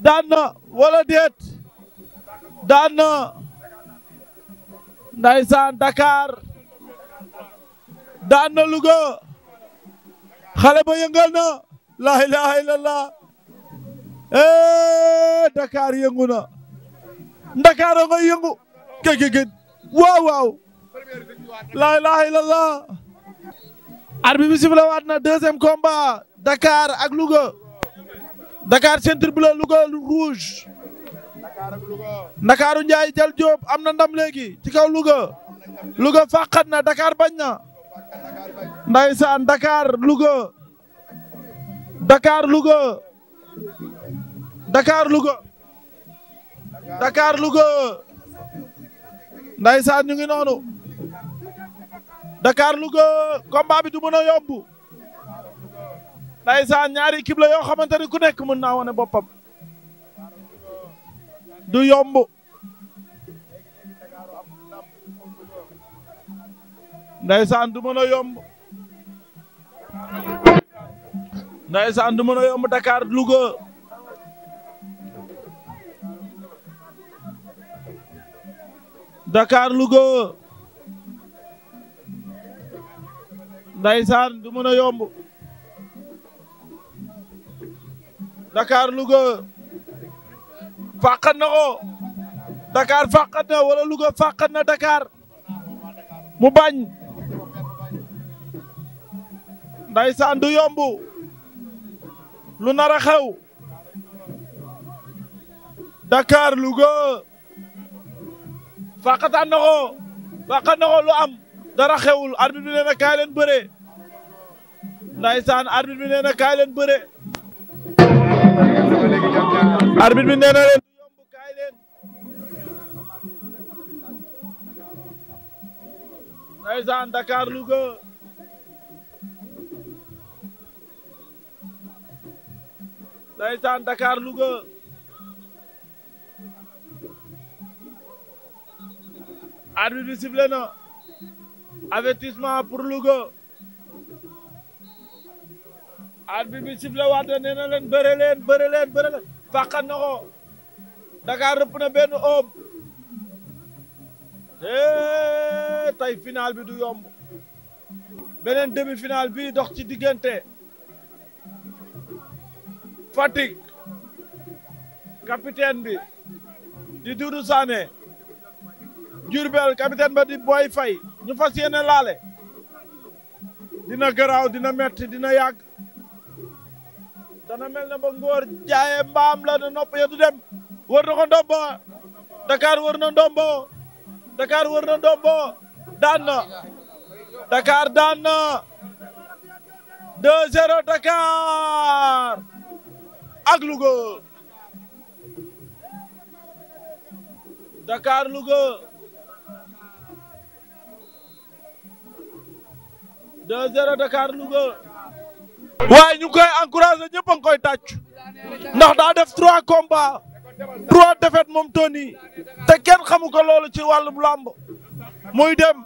daan na wala déet daan na ndaysaan Dakar daan na Louga xale ba yëngal na la ilaha illallah eh Dakar yëngu na Dakar a ngay yëngu waaw waaw la ilaha illallah arbitre bi sifflé waat na deuxième combat Dakar ak Louga Dakar centre bleu Louga rouge. Ndakaaru Ndiaye Jal Diop am na ndam léegi ci kaw luga Louga fàqat na Dakar bañ na. Ndeysaan Dakar Louga. Dakar Louga. Dakar Louga. Dakar Louga. Ndeysaan ñu ngi noonu. Dakar luga combat bi du mën a yomb. ndaysaan ñaari équipe la yoo xamante ni ku nekk mën naa wane boppam du yomb ndaysaan du mën a yomb ndaysaan du mën a yomb Dakar Louga Dakar Louga ndaysaan du mën a yomb dakaar Louga fàqat na ko Dakar fàqat na wala Louga fàqat na Dakar mu bañ ndaysaan du yomb lu nar a xew Dakar Louga fàqataan na ko fàqat lu am dara xewul arbitre bi nee na leen bëree ndaysaan arbitre bi nee na kaay leen bëree arbitre bi nee na leen du yomb kaay leen ndeysaan Dakar Louga ndeysaan Dakar Louga arbitre bi sifflé na avertissement pour Louga arbitre bi sifflé waat na leen bëre leen bëre leen fàqat na ko Dakar rëpp na benn oom tey final bi du yomb beneen demi-finale bii dox ci diggante Fatick capitaine bi di Doudou Sané Diourbel capitaine ba di Boy Faye ñu fas yéene laale dina garaaw dina metti dina yàgg dana mel ne ba ngóor jaaye mbaam la da nopp ya dem wër na ko ndombo Dakar wër na ndombo Dakar wër na ndombo daan na Dakar daan na 2 ak Louga Dakar Louga 2-0 Dakar Louga waaye ñu koy encouragé ñëpp koy tàcc ndax daa def trois combats trois défaites moom Tony te kenn xamu ko loolu ci wàllum làmb muy dem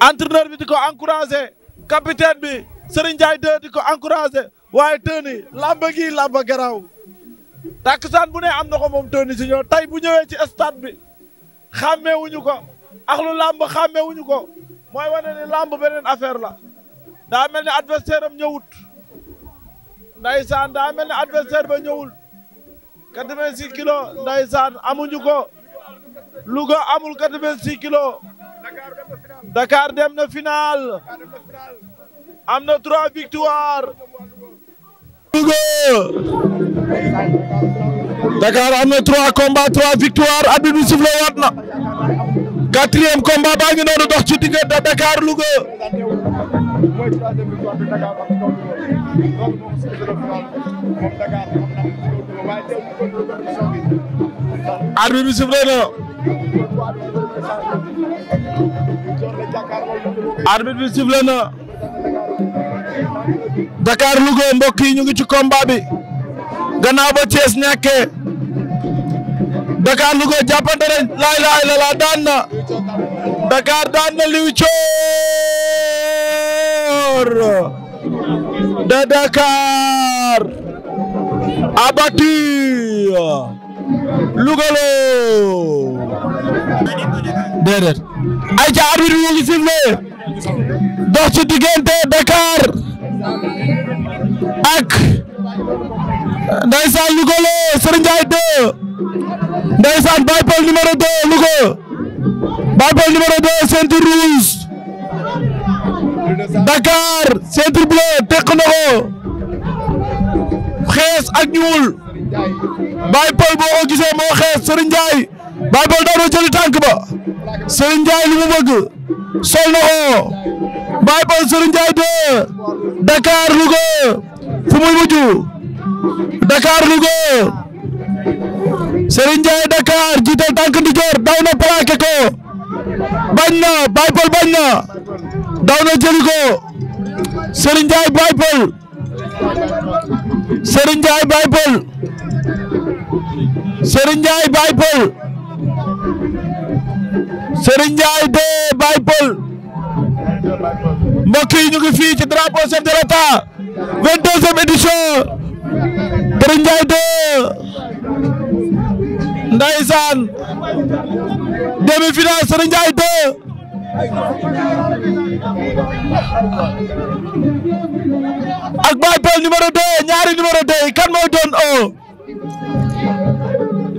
entraîneur bi di ko encouragé capitaine bi Serigne Ndiaye 2 di ko encouragé waaye Tony làmb gi làmb garaaw takkusaan bu ne am na ko moom Tony Junior tey bu ñëwee ci stade bi xàmmeewuñu ko ak lu làmb xàmmeewuñu ko mooy wane ni làmb beneen affaire la daa mel ni adversaire am ñëwut. ndaysaan daa mel ne adversaire ba ñëwul quatre-vingt-six kilos ndaysaan amuñu ko Louga amul quatre-vingt-six kilos Dakar dem na final am na trois victoires Louga Dakar am na trois combats trois victoires arbitre bi sifflé waat na quatrième combat baa ngi noonu dox ci diggante Dakar Louga mooy troisième victoire bi Dakar am na waaye bi. arbitre bi na. arbitre bi sifflé ñu ngi ci combat bi. gannaaw ba Thiès ñàkkee. Dakar Louga jàppante nañ laay la la daan na. Dakar daan na liw coo. de Dakar abattu Louga loo déedéet ayca arbitre bi mu ngi sifflé dox ci diggante Dakar ak ndeysaan Louga loo Serigne Ndiaye 2 ndeysaan Baye Paul numéro 2 Louga Baye Paul numéro 2 ceinture rouge Dakar centre bleu teq na ko ak ñuul Baye Peul boo ko gisee moo xees Serigne Ndiaye Baye Peul daw tànk ba Serigne Ndiaye li mu bëgg sol na ko Baye Peul Serigne Ndiaye de fu muy mujj Dakar Louga Serigne Ndiaye Dakar jiital ndijoor daw na plaqué bañ na Baye Peul bañ na daw na jëli ko Serigne Ndiaye Baye Peul Serigne Ndiaye de Baye ñu ngi fii ci drapeau chef de demi-finale Serigne Ndiaye ak Baye Peul numéro 2 ñaari numéro 2 yi kan doon o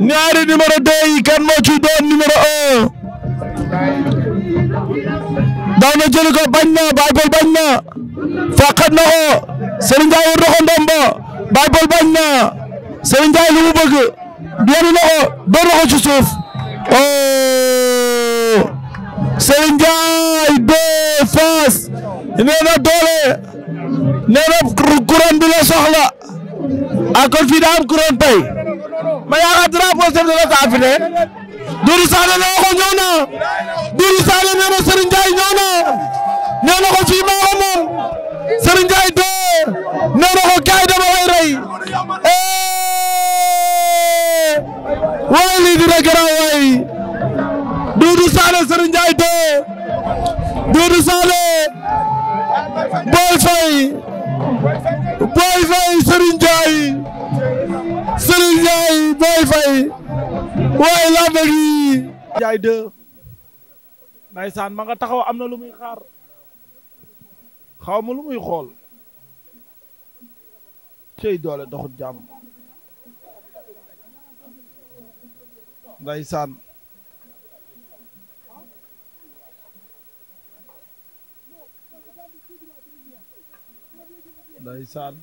ñaari numéro 2 yi kan doon numéro o daw na jëli ko bañ na Baye ko Serigne Ndiaye wër ko ndombo Baye Peul bañ na Serigne Ndiaye lu na ko doon ko ci suuf oh! Serigne Ndiaye Deux Fass nee na doole nee na couronne bi la soxla ah kon fii daa am couronne tey ma yaakaar drapeau chef de l'État fi ne Doudou Sané nee na ko ñëw na Doudou Sané nee na Serigne Ndiaye ñëw na nee na ko fii maa ko moom Serigne Ndiaye Deux nee na ko gaay dama koy rey eh, waaye lii dina garaaw waay Sané Serigne Ndiaye 2 Doudou Sané Boy Faye Boy Faye Serigne Ndiaye Serigne Ndiaye Boy Faye waaye lamb gi Ndiaye 2 ndaysaan ma nga taxaw am na lu muy xaar xaw ma lu muy xool cey doole doxut jàmm ndaysaan ndeysaan